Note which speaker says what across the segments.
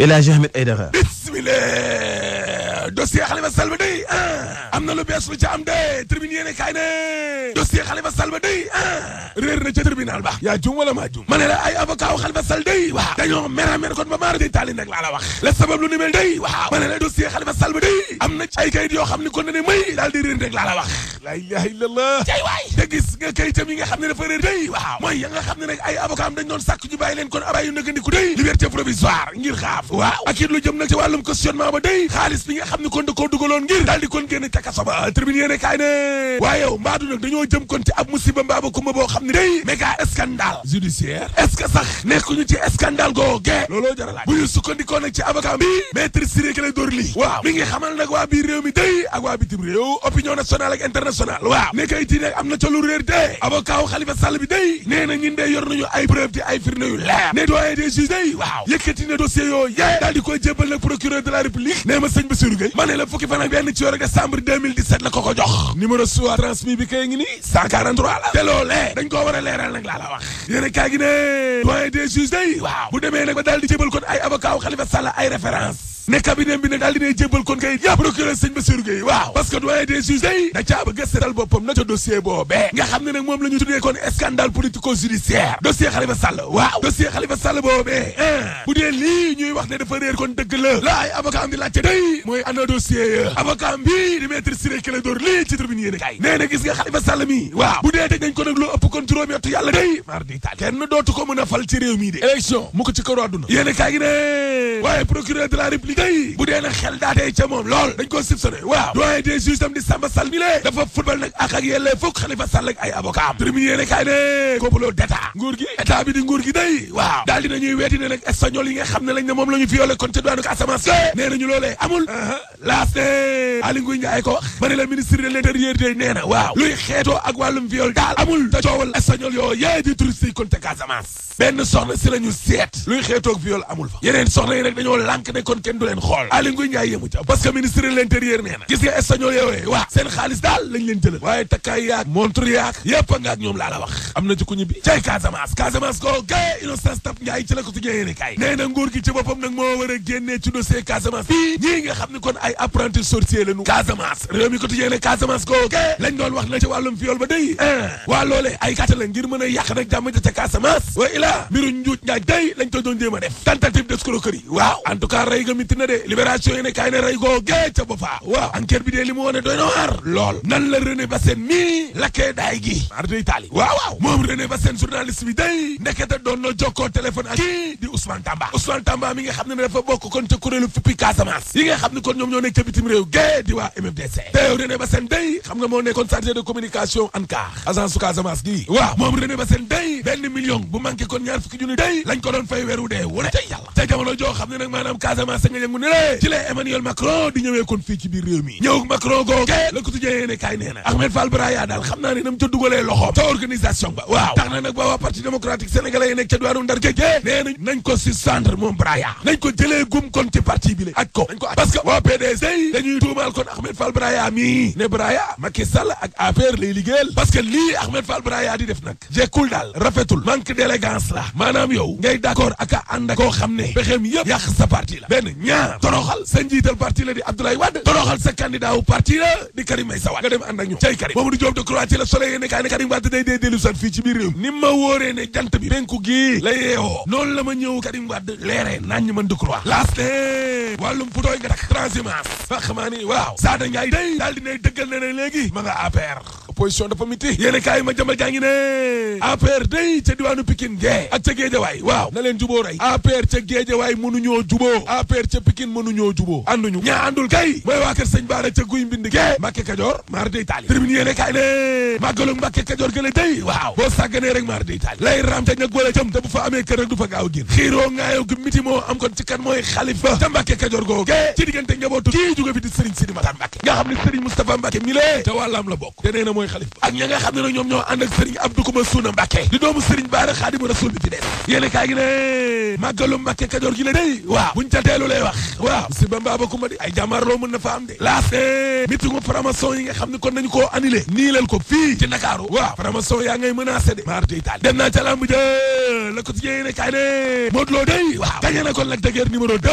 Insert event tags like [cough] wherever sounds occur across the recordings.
Speaker 1: الى جهه من اي دغه بسم الله دوسيا خليفة سلمى دي اه امنا لو بيش لجا ام دي تربين يني كاينه دوسي خليفة سلمى دي اه رير نجا تربين على يا جوم ولا ما جوم مانيلا اي افوكا وخليفة سلمى دي واخ دا يوم ميرا ميرا كون بمار دي تالي نك على واخ لا سبب لو نيمل دي واخ مانيلا دوسي خليفة سلمى دي امنا اي كاين يو خامني كون ني مي دال دي رير نك على واخ laa ilaaha illallah cay nga xam ne dafa réer day waaw mooy ya nga xam ne nag ay avocat am dañ doon leen kon abày yu nagandiku day liberté provisoire ngir xaaf waaw ak lu jëm nag ci wàllum questionnement ba day xaalis bi nga xam ne kon da koo dugaloon ngir daal di kon génn ca kaso ba tribune yéene kaay ne waaye yow mbaadu nag dañoo jëm kon ci ab musiba mbaaba kumba boo xam ne day méga scandale judiciaire est-ce que sax nekkuñu ci scandale googee looloo jara laaj bu ñu sukkandikoo nag ci avocat bi maître mi ngi xamal nag waa biir national waaw ne kay tiine am na ca lu réer de avocat wu bi day nee na ñun yor nañu ay preuve di ay firnde yu leer ne doyen des juges day yëkkati ne dossier yooyu yee daal di koy jébbal nag procureur de la république nee ma sëñ Bassirou Gueye ma ne la fukki fan ak benn ci weeru décembre 2017 la ko ko jox numéro soit transmis bi kay ngi ni 143 la dañ koo war a leeral nag laa la wax yéen kaa gi ne doyen des juges day bu demee ne cabinet bi ne daal dina jébbal kon kay yëpp procureur sëñ Bassirou Gueye waaw parce que doyen des juges day da caa bëgg a boppam na ca dossier boobee nga xam ne nag moom la ñu tuddee kon scandale politico judiciaire dossier Khalifa Sall waaw dossier Khalifa Sall boobee bu dee lii ñuy wax ne dafa réer kon dëgg la la ay avocat am day mooy ana dossier ya bi di maître Ciré Clédor lii ci tribune yéene nee na gis nga Khalifa Sall mi waaw bu ko nag loo ëpp kon juróomi at de day bu dee nag xel daa tey ca moom lool dañ ko soupçonné waaw doyen des juges tam Samba Sall dafa football nag ak ak yellee fukk Khalifa Sall ay avocat am terminé yéene kaay ne complot d'état nguur gi état waaw daal dinañuy weeti ne nag espagnol yi nga xam ne lañ ne moom la ñu kon ca duwaanu Casamance nee nañu loolee amul uh-huh. laas ne Aly ko wax la ministre de l'intérieur day nee na waaw luy xeetoo ak wàllum viol daal amul te coowal espagnol leen xool Aly Ngouille ca parce ministre l'intérieur nee gis nga espagnol yooyu waa seen xaalis daal lañ leen jëlal waaye takkaay yaak montre yaak yépp a nga ñoom laa wax am na ci ku ñu bi cay Casamance Casamance ko gay Innocence Ntap ci la ko tijjee yéene kaay nee na nguur gi ci a ci dossier Casamance ñii nga xam ne kon ay apprenti sorcier lañu Casamance réew ko tijjee ne Casamance ko gay lañ doon wax na ci wàllum viol ba day a waa loolee ay gàtta la ngir mën a nag métti na de libération yi ne ne rey googee ca ba faa waaw enquête bi wone nan la René Bassène gi René Bassène journaliste bi day téléphone di Ousmane Tamba Ousmane Tamba mi nga xam dafa kon ca kuréelu fuppi Casamance yi nga xam kon ñoom ñoo nekk ca bitim réew gée di waa MFDC te René Bassène day xam nga moo nekkoon chargé de communication ankar. agence Casamance gi waaw moom René Bassène day benn million bu kon ñaar fukki day lañ ko doon fay weeru dee wu ne yàlla ca jamono joo Casamance nga yëngu ne ci la Emmanuel Macron di ñëwee kon fii ci biir réew mi ñëw Macron la ko tujjee ne kaay na Ahmed Fall Braya daal xam naa ne nam ca dugalee loxoom ca organisation ba waaw tax na nag ba waa parti démocratique sénégalais yi ca duwaaru Ndar géejee nee nañ nañ ko suspendre moom Braya nañ ko jëlee gum kon ci parti bi le ko nañ ko parce que waa PDS tuumaal kon Ahmed Fall Braya mii ne Braya Macky Sall ak a ànd ak koo xam ne pexeem yëpp yàq ñaa toroxal sa njiital parti la di Abdoulaye Wade toroxal sa candidat parti la di Karim Meïssa Wade nga dem ànd ak ñoom cay Karim Mamadou Diop Decroix ci la Soleil yéene kaay Karim Wade day dee dellu fii ci biir réew ni ma wóoree ne jant bi penku gii la yeewoo noonu la ma ñëw Karim Wade leeree naan ñu mën Decroix laaste wàllum putooy nga tak transhumance faxamaa ni waaw Sada Ndiaye day daal dinay dëggal ne ne léegi ma nga opposition dafa miti yéene ma jambal jaa ngi day ca diwaanu Pikine gee ak ca Géejawaay waaw na leen juboo rey APR ca Géejawaay mënuñoo juboo APR ca Pikine mënuñoo juboo ànduñu ñaa àndul kay mooy waa kër sëñ ca guy mbind gee Mbàkke Kajoor maar day taali tribune yéene kaay ne màggalu Kajoor gële day waaw boo sàgganee maar day taali lay raam ca ñag wala gi miti moo am kon ci kan mooy xalifa ca Mbàkke Kajoor googe ci diggante njabootu kii jóge fi di Sëriñ Sidi xalif ak ña xam ne nag ñoom ñoo ànd ak Serigne Abdou Kouma di doomu Serigne Baara Xaadimu Rasuul bi ci des yéen kaay gi ne màggalu gi la day waaw buñ ca teelu lay wax waaw si ba mbaaba kuma di ay jàmmarloo mën na fa de laas mitingu franc-maçon yi xam ne kon nañu ko annulé nii lal ko fii ci Ndakaaru waaw franc-maçon yaa ngay menacé de maar dey taal dem naa ca lamb jë la ko ci yéen kaay ne Modou Lo day waaw kon Lac de Guiers numéro de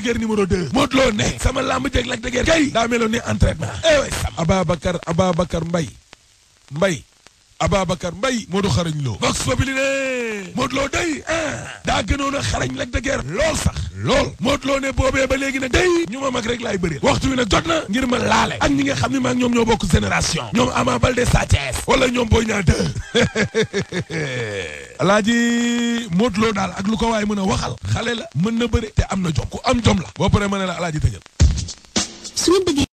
Speaker 1: Guiers numéro Modou Lo ne sama lamb jeeg Lac de Guiers kay daa meloon ni entraînement aba sam mbay Ababacar Mbaye Mbaye Ababacar Mbaye Modou xarañ Lo box populi ne Modou Lo day ah, daa gënoon a xarañ Lac lool sax lool Modou loo ne boobee ba léegi nag day ñu ma mag rek laay bëri waxtu wi na jot na ngir ma laale ak ñi nga xam ne maa ñoom ñoo bokk génération ñoom Ama Baldé Sa Thiès wala ñoom Boy Niang 2 [laughs] alaaji Modou Lo daal ak lu ko waay mën a waxal xale la mën na bëre te am na jom ku am jom la boo paree ma ne la alaaji tëjal